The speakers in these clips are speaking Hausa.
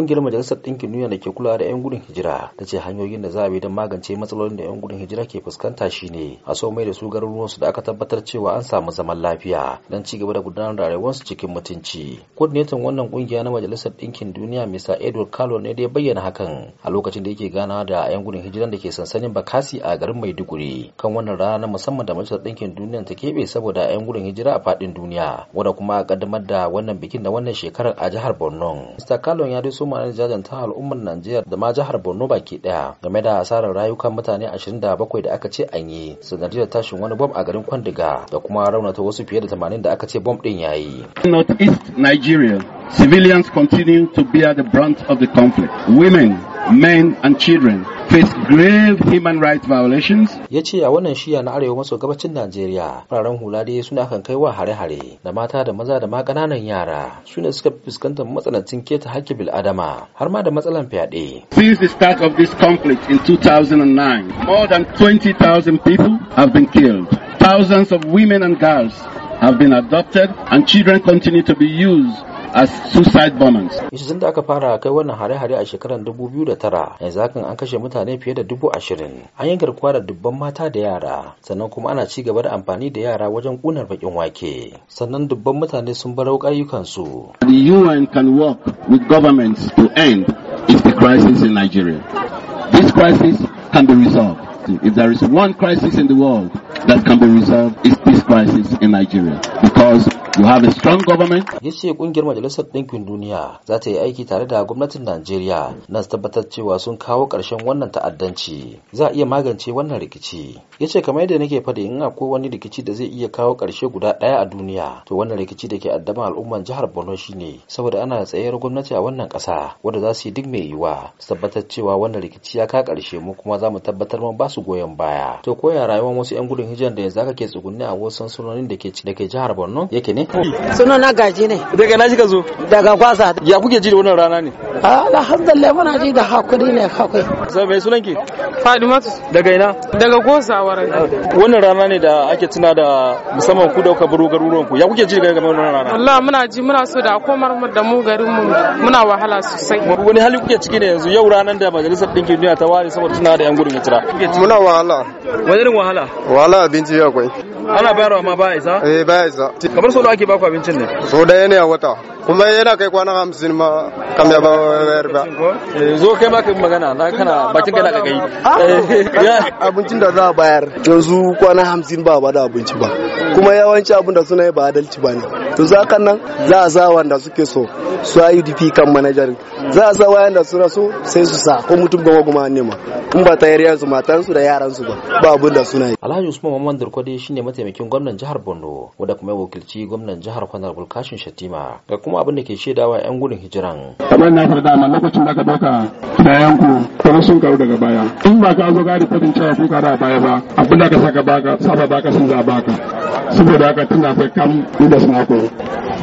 Kungiyar Majalisar Ɗinkin Duniya da ke kula da 'yan gudun hijira ta ce hanyoyin da za a bi don magance matsalolin da 'yan gudun hijira ke fuskanta shine a so mai da su garuruwansu da aka tabbatar cewa an samu zaman lafiya don ci gaba da gudanar da rayuwarsu cikin mutunci. Coordinator wannan kungiya na Majalisar Ɗinkin Duniya Mr. Edward Kalo ne da ya bayyana hakan a lokacin da yake gana da 'yan gudun hijiran da ke sansanin Bakasi a garin Maiduguri kan wannan rana na musamman da Majalisar Ɗinkin Duniya ta keɓe saboda 'yan gudun hijira a faɗin duniya wanda kuma a kaddamar da wannan bikin da wannan shekarar a jihar Borno. mista Kalo ya dai so al'umma ne jajanta al'ummar Najeriya da ma jihar Borno baki daya game da asarar rayukan mutane 27 da aka ce an yi sanadiyar tashin wani bom a garin Kwandiga da kuma raunata wasu fiye da 80 da aka ce bom din yayi. North East Nigeria Civilians continue to bear the brunt of the conflict. Women, men and children face grave human rights violations. Ya ce a wannan shiya na arewa maso gabacin Najeriya fararen hula dai suna kan kaiwa hare-hare da mata da maza da ma yara su ne suka fuskantar matsanancin keta hakki bil'adama har ma da matsalan fyaɗe. Since the start of this conflict in 2009, more than 20,000 people have been killed. Thousands of women and girls have been adopted and children continue to be used as suicide bombers. Isa da aka fara kai wannan hare-hare a shekarar 2009 yanzu hakan an kashe mutane fiye da dubu ashirin an yi garkuwa da dubban mata da yara sannan kuma ana ci gaba da amfani da yara wajen kunar bakin wake sannan dubban mutane sun bar ayyukansu. The UN can work with governments to end is the crisis in Nigeria. This crisis can be resolved. If there is one crisis in the world that can be resolved, it's this crisis in Nigeria because You have a strong government. Ya ce kungiyar Majalisar Ɗinkin Duniya za ta yi aiki tare da gwamnatin Najeriya na tabbatar cewa sun kawo ƙarshen wannan ta'addanci. Za a iya magance wannan rikici. Ya ce kamar yadda nake faɗi in akwai wani rikici da zai iya kawo ƙarshe guda ɗaya a duniya to wannan rikici da ke addaban al'umman jihar Borno shine saboda ana tsayar gwamnati a wannan ƙasa wanda za su yi duk mai yiwa su tabbatar cewa wannan rikici ya ka ƙarshe mu kuma za mu tabbatar mun ba su goyon baya. To ko ya rayuwar wasu 'yan gudun hijiran da yanzu aka ke tsugunni a wasu sansunonin da ke jihar Borno yake ne? kawai sunan na gaji ne daga na kika zo daga kwasa ya kuke ji da wannan rana ne ah, alhamdulillah muna ji da hakuri ne hakuri sai mai sunan ki Fadimatu daga ina daga gosa wara. wannan rana ne da ake tuna da musamman ku dauka buru garuruwan ku ya kuke ji game da wannan rana Allah muna ji muna so da komar mu da mu garin mu muna wahala sosai wani hali kuke ciki ne yanzu yau ranar da majalisar dinkin duniya ta ware saboda tuna da yan gudun hijira muna wahala wani irin wahala wahala abinci kwai. ana bayarwa ma ba eh ba kamar sau da ake baku abincin ne so ya ne a wata kuma yana kai kwana hamsin ma kam ya ba wayar ba eh, zo kai ma ka magana na kana bakin kana ka kai eh, abincin da za a bayar yanzu kwana hamsin ba ba da abinci ba kuma yawanci abin da suna yi ba adalci ba ne to za kan nan za a sa wanda suke so su IDP kan manajarin za a sa wanda suna so sai su sa ko mutum goma goma ne ma in ba ta yariyar su matan su da yaran su ba ba abin da suna yi Alhaji Usman Muhammad Durkwade shine mataimakin gwamnan jihar Borno wanda kuma wakilci gwamnan jihar Kwanar Bulkashin Shatima ga kuma abin da ke shaidawa 'yan gudun hijiran. Kamar na farda amma lokacin da ka doka da yanku kuma sun karu daga baya. In ba ka zo gari fadin cewa kuka da baya ba abin da ka saka baka saba baka sun za baka. Saboda haka tun da kai kam inda suna ko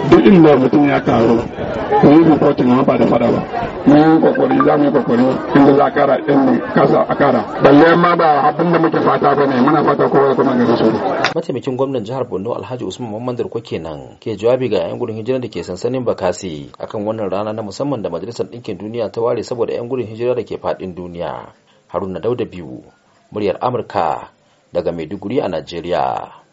duk inda mutum ya karu mu yi reporting ma ba da fada ba mu yi kokari za mu yi kokari inda za a kara din kasa a kara balle ma ba abin da muke fata ba ne muna fata kowa kuma gari su mataimakin gwamnan jihar Borno Alhaji Usman Mamman ko kenan ke jawabi ga yan gudun hijira da ke sansanin Bakasi akan wannan rana na musamman da Majalisar Dinkin Duniya ta ware saboda yan gudun hijira da ke fadin duniya Haruna Dauda biyu muryar Amurka daga Maiduguri a Najeriya